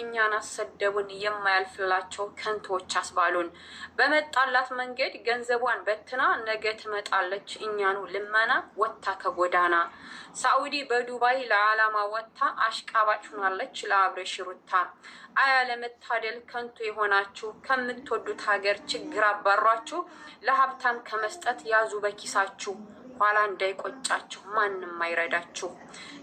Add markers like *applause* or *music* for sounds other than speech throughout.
እኛን አሰደቡን፣ የማያልፍላቸው ከንቶች አስባሉን። በመጣላት መንገድ ገንዘቧን በትና ነገ ትመጣለች እኛኑ ልመና ወታ ከጎዳና ሳኡዲ በዱባይ ለዓላማ ወታ አሽቃባጭ ሆናለች ለአብረሽ ሩታ። አያለመታደል ከንቱ የሆናችሁ ከምትወዱት ሀገር ችግር አባሯችሁ ለሀብታም ከመስጠት ያዙ በኪሳችሁ። ኋላ እንዳይቆጫችሁ ማንም አይረዳችሁ።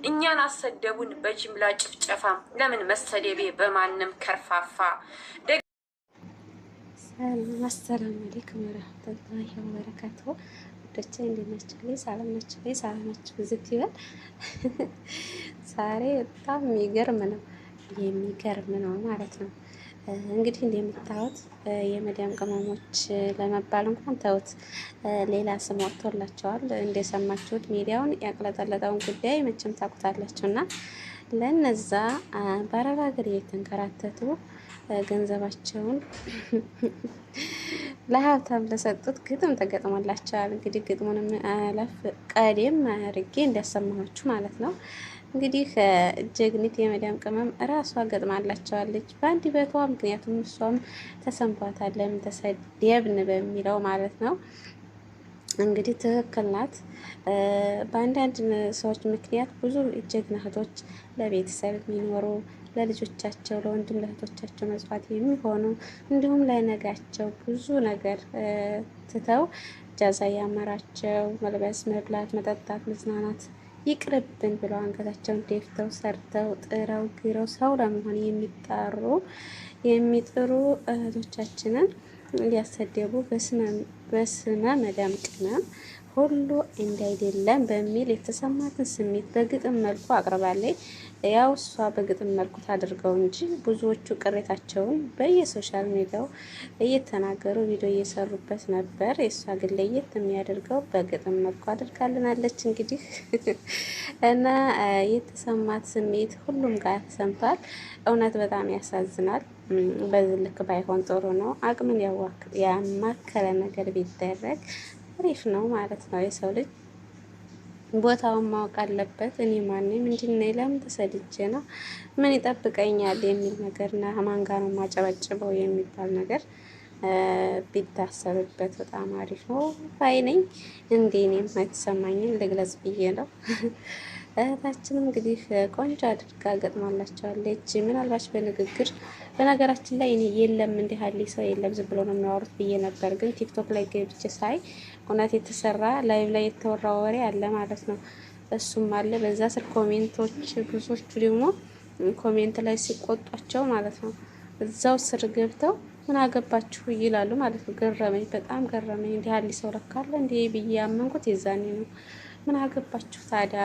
እኛን አሰደቡን በጅምላ ጭፍጨፋ። ለምን መሰደቤ በማንም ከርፋፋ። አሰላሙ አለይኩም ወረህመቱላሂ ወበረካቱሁ። ወዳቸ እንደናቸው ላይ ሰላም ናችሁ? ላይ ሰላም ናችሁ? ዝት ይበል። ዛሬ በጣም የሚገርም ነው የሚገርም ነው ማለት ነው እንግዲህ እንደምታዩት የመዲያም ቅመሞች ለመባል እንኳን ተውት፣ ሌላ ስም ወጥቶላቸዋል። እንደሰማችሁት ሚዲያውን ያቅለጠለጠውን ጉዳይ መቼም ታውቁታላችሁ እና ለነዛ በአረብ ሀገር የተንከራተቱ ገንዘባቸውን *laughs* ለሀብታም ለሰጡት ግጥም ተገጥሞላቸዋል። እንግዲህ ግጥሙንም አለፍ ቀደም አድርጌ እንዲያሰማኋችሁ ማለት ነው። እንግዲህ ጀግኒት የመዳም ቅመም እራሷ ገጥማላቸዋለች በአንድ በቷ። ምክንያቱም እሷም ተሰምቷታል ለምን ተሰደብን በሚለው ማለት ነው። እንግዲህ ትክክል ናት። በአንዳንድ ሰዎች ምክንያት ብዙ ጀግና እህቶች ለቤተሰብ የሚኖሩ ለልጆቻቸው፣ ለወንድም ለእህቶቻቸው መጽዋት የሚሆኑ እንዲሁም ለነጋቸው ብዙ ነገር ትተው ጃዛ ያመራቸው መልበስ፣ መብላት፣ መጠጣት፣ መዝናናት ይቅርብን ብለው አንገታቸውን ደፍተው ሰርተው ጥረው ግረው ሰው ለመሆን የሚጣሩ የሚጥሩ እህቶቻችንን ሊያሰደቡ በስመ መዳም ቅመም ሁሉ እንዳይደለም በሚል የተሰማትን ስሜት በግጥም መልኩ አቅርባለች። ያው እሷ በግጥም መልኩ ታድርገው እንጂ ብዙዎቹ ቅሬታቸውን በየሶሻል ሚዲያው እየተናገሩ ቪዲዮ እየሰሩበት ነበር። የእሷ ግን ለየት የሚያደርገው በግጥም መልኩ አድርጋልናለች። እንግዲህ *laughs* እና የተሰማት ስሜት ሁሉም ጋር ተሰምቷል። እውነት በጣም ያሳዝናል። በዚህ ልክ ባይሆን ጥሩ ነው። አቅምን ያማከለ ነገር ቢደረግ አሪፍ ነው ማለት ነው የሰው ልጅ ቦታውን ማወቅ አለበት። እኔ ማን ምንድን ነኝ? ለምን ተሰድጄ ነው? ምን ይጠብቀኛል? የሚል ነገር እና ማን ጋር ነው ማጨበጭበው የሚባል ነገር ቢታሰብበት በጣም አሪፍ ነው ባይ ነኝ። እንዴ እኔም የተሰማኝን ልግለጽ ብዬ ነው። እህታችን እንግዲህ ቆንጆ አድርጋ ገጥማላቸዋለች። ምናልባች በንግግር በነገራችን ላይ እኔ የለም እንዲህ ያለ ሰው የለም ዝም ብሎ ነው የሚያወሩት ብዬ ነበር፣ ግን ቲክቶክ ላይ ገብቼ ሳይ እውነት የተሰራ ላይቭ ላይ የተወራ ወሬ አለ ማለት ነው። እሱም አለ በዛ ስር ኮሜንቶች፣ ብዙዎቹ ደግሞ ኮሜንት ላይ ሲቆጧቸው ማለት ነው እዛው ስር ገብተው ምን አገባችሁ ይላሉ ማለት ነው። ገረመኝ፣ በጣም ገረመኝ። እንዲህ ያለ ሰው ለካ አለ እንዲህ ብዬ ያመንኩት የዛኔ ነው። ምን አገባችሁ ታዲያ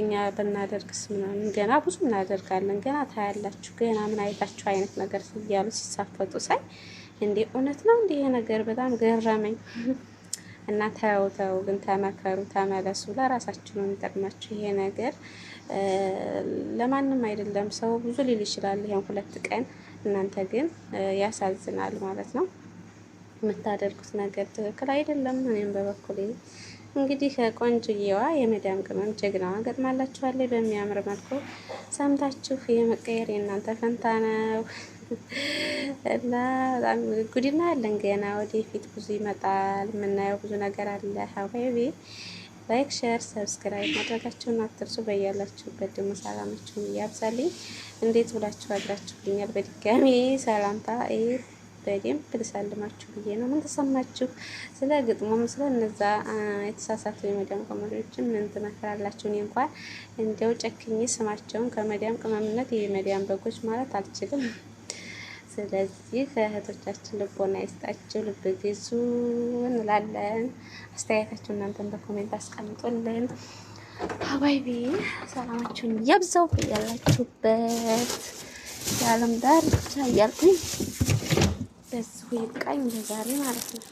እኛ ብናደርግስ ምናምን ገና ብዙ እናደርጋለን፣ ገና ታያላችሁ፣ ገና ምን አይታችሁ አይነት ነገር እያሉ ሲሳፈጡ ሳይ እንዴ እውነት ነው እንዲህ ይሄ ነገር በጣም ገረመኝ። እና ተው ተው ግን ተመከሩ፣ ተመለሱ። ለራሳችሁ ነው የሚጠቅማችሁ ይሄ ነገር፣ ለማንም አይደለም። ሰው ብዙ ሊል ይችላል ይሄን ሁለት ቀን እናንተ ግን ያሳዝናል ማለት ነው። የምታደርጉት ነገር ትክክል አይደለም። እኔም በበኩሌ እንግዲህ ቆንጅዬዋ የመዳም ቅመም ጀግናዋ ገጥማላችኋለች። በሚያምር መልኩ ሰምታችሁ የመቀየር የእናንተ ፈንታ ነው እና በጣም ጉድና አለን ገና ወደፊት ብዙ ይመጣል። የምናየው ብዙ ነገር አለ። ሀባይቤ ላይክ፣ ሼር፣ ሰብስክራይብ ማድረጋችሁን አትርሱ። በያላችሁበት ደግሞ ሰላማችሁን እያብዛልኝ። እንዴት ብላችሁ አድራችሁልኛል? በድጋሚ ሰላምታ በደንብ ልሳልማችሁ ብዬ ነው። ምን ተሰማችሁ? ስለ ግጥሙም ስለ እነዛ የተሳሳቱ የመዲያም ቅመሞችን ምን ትመክራላችሁ? እኔ እንኳን እንደው ጨክኜ ስማቸውን ከመዲያም ቅመምነት የመዲያም በጎች ማለት አልችልም። ስለዚህ እህቶቻችን ልቦና ይስጣችሁ፣ ልብ ግዙ እንላለን። አስተያየታችሁ እናንተን በኮሜንት አስቀምጡልን። ሀባይቢ ሰላማችሁን ያብዛው ያላችሁበት የዓለም ዳርቻ እያልኩኝ በዚሁ ይብቃኝ ለዛሬ ማለት ነው።